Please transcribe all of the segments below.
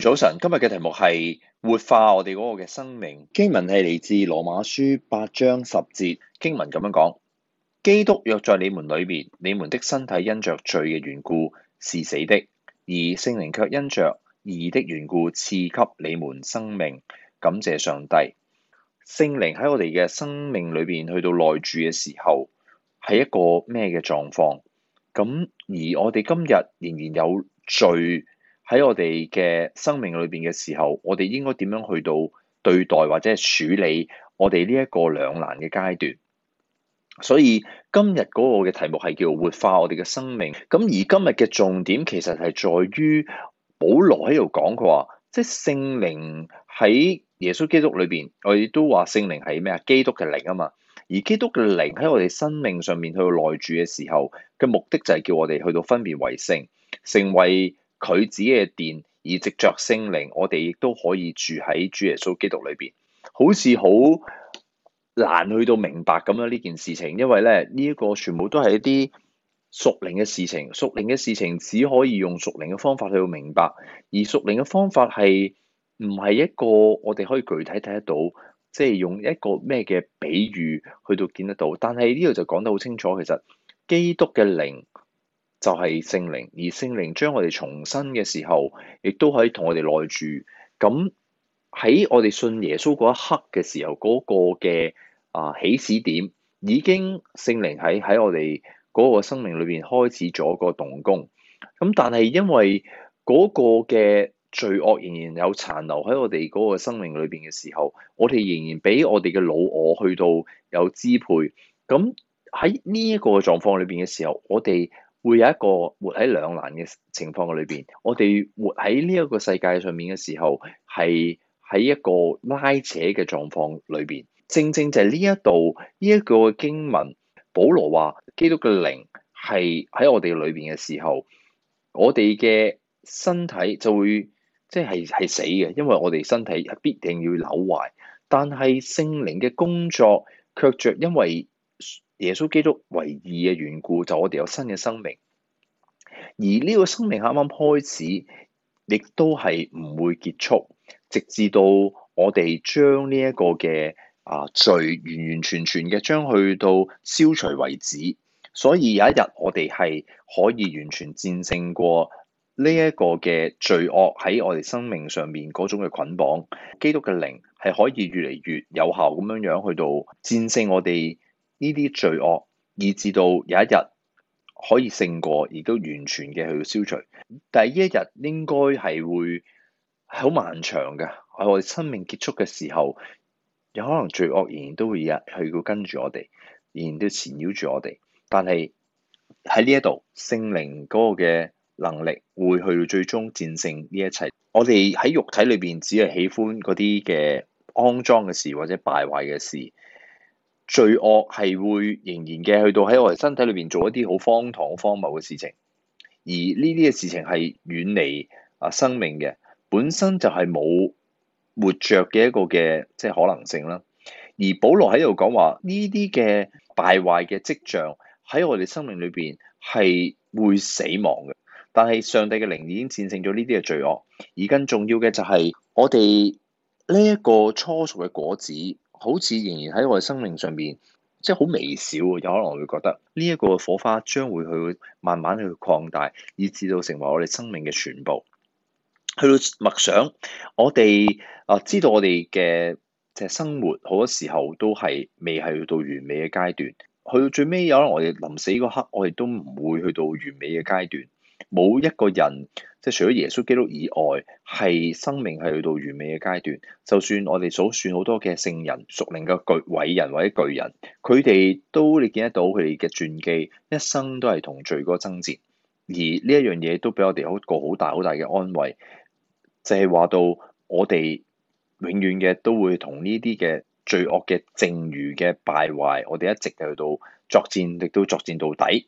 早晨，今日嘅題目係活化我哋嗰個嘅生命。經文係嚟自羅馬書八章十節。經文咁樣講：基督若在你們裏面，你們的身體因着罪嘅緣故是死的，而聖靈卻因着義的緣故賜給你們生命。感謝上帝，聖靈喺我哋嘅生命裏邊去到內住嘅時候，係一個咩嘅狀況？咁而我哋今日仍然有罪。喺我哋嘅生命裏邊嘅時候，我哋應該點樣去到對待或者係處理我哋呢一個兩難嘅階段？所以今日嗰個嘅題目係叫活化我哋嘅生命。咁而今日嘅重點其實係在於保羅喺度講佢話，即係聖靈喺耶穌基督裏邊，我哋都話聖靈係咩啊？基督嘅靈啊嘛。而基督嘅靈喺我哋生命上面去到內住嘅時候嘅目的就係叫我哋去到分別為聖，成為佢自己嘅殿，而藉著聖靈，我哋亦都可以住喺主耶穌基督裏邊。好似好難去到明白咁樣呢件事情，因為咧呢一個全部都係一啲屬靈嘅事情，屬靈嘅事情只可以用屬靈嘅方法去到明白，而屬靈嘅方法係唔係一個我哋可以具體睇得到，即係用一個咩嘅比喻去到見得到。但係呢度就講得好清楚，其實基督嘅靈。就係聖靈，而聖靈將我哋重生嘅時候，亦都可以同我哋內住。咁喺我哋信耶穌嗰一刻嘅時候，嗰、嗰個嘅啊起始點已經聖靈喺喺我哋嗰個生命裏邊開始咗個動工。咁但係因為嗰個嘅罪惡仍然有殘留喺我哋嗰個生命裏邊嘅時候，我哋仍然俾我哋嘅老我去到有支配。咁喺呢一個狀況裏邊嘅時候，我哋。會有一個活喺兩難嘅情況嘅裏邊，我哋活喺呢一個世界上面嘅時候，係喺一個拉扯嘅狀況裏邊。正正就係呢一度，呢、這、一個經文，保羅話：基督嘅靈係喺我哋裏邊嘅時候，我哋嘅身體就會即係係死嘅，因為我哋身體係必定要扭壞。但係聖靈嘅工作卻着因為耶穌基督為義嘅緣故，就我哋有新嘅生命。而呢個生命啱啱開始，亦都係唔會結束，直至到我哋將呢一個嘅啊罪完完全全嘅將去到消除為止。所以有一日我哋係可以完全戰勝過呢一個嘅罪惡喺我哋生命上面嗰種嘅捆綁。基督嘅靈係可以越嚟越有效咁樣樣去到戰勝我哋。呢啲罪惡，以至到有一日可以勝過，亦都完全嘅去消除。但係呢一日應該係會係好漫長嘅，喺我哋生命結束嘅時候，有可能罪惡仍然，然都會日去到跟住我哋，仍然都纏繞住我哋。但係喺呢一度，聖靈嗰個嘅能力會去到最終戰勝呢一切。我哋喺肉體裏邊，只係喜歡嗰啲嘅骯髒嘅事或者敗壞嘅事。罪惡係會仍然嘅去到喺我哋身體裏邊做一啲好荒唐、荒謬嘅事情，而呢啲嘅事情係遠離啊生命嘅，本身就係冇活著嘅一個嘅即係可能性啦。而保羅喺度講話呢啲嘅敗壞嘅跡象喺我哋生命裏邊係會死亡嘅，但係上帝嘅靈已經戰勝咗呢啲嘅罪惡。而更重要嘅就係我哋呢一個初熟嘅果子。好似仍然喺我哋生命上邊，即係好微小，有可能會覺得呢一個火花將會去慢慢去擴大，以至到成為我哋生命嘅全部。去到默想，我哋啊知道我哋嘅即係生活好多時候都係未係去到完美嘅階段，去到最尾有可能我哋臨死嗰刻，我哋都唔會去到完美嘅階段。冇一個人，即係除咗耶穌基督以外，係生命係去到完美嘅階段。就算我哋所算好多嘅聖人、屬靈嘅巨偉人或者巨人，佢哋都你見得到佢哋嘅傳記，一生都係同罪哥爭戰。而呢一樣嘢都俾我哋一個好大好大嘅安慰，就係、是、話到我哋永遠嘅都會同呢啲嘅罪惡嘅剩餘嘅敗壞，我哋一直去到作戰，亦都作戰到底。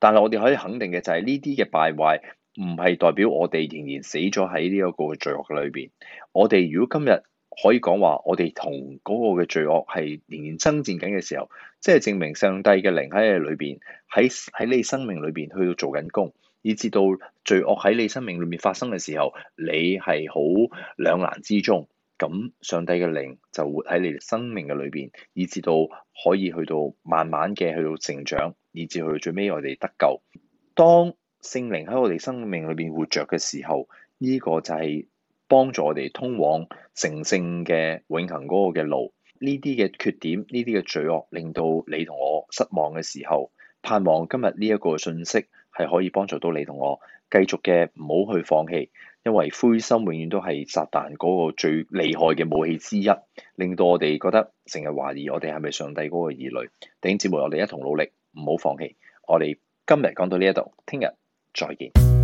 但係我哋可以肯定嘅就係呢啲嘅敗壞，唔係代表我哋仍然死咗喺呢一個罪惡裏邊。我哋如果今日可以講話，我哋同嗰個嘅罪惡係仍然爭戰緊嘅時候，即係證明上帝嘅靈喺你裏邊，喺喺你生命裏邊去到做緊工，以至到罪惡喺你生命裏面發生嘅時候，你係好兩難之中。咁上帝嘅靈就活喺你生命嘅裏邊，以至到可以去到慢慢嘅去到成長。以至去最尾，我哋得救。當聖靈喺我哋生命裏邊活着嘅時候，呢個就係幫助我哋通往成聖嘅永恆嗰個嘅路。呢啲嘅缺點，呢啲嘅罪惡，令到你同我失望嘅時候，盼望今日呢一個信息係可以幫助到你同我繼續嘅唔好去放棄，因為灰心永遠都係撒旦嗰個最厲害嘅武器之一，令到我哋覺得成日懷疑我哋係咪上帝嗰個兒女。頂節目，我哋一同努力。唔好放棄，我哋今日講到呢一度，聽日再見。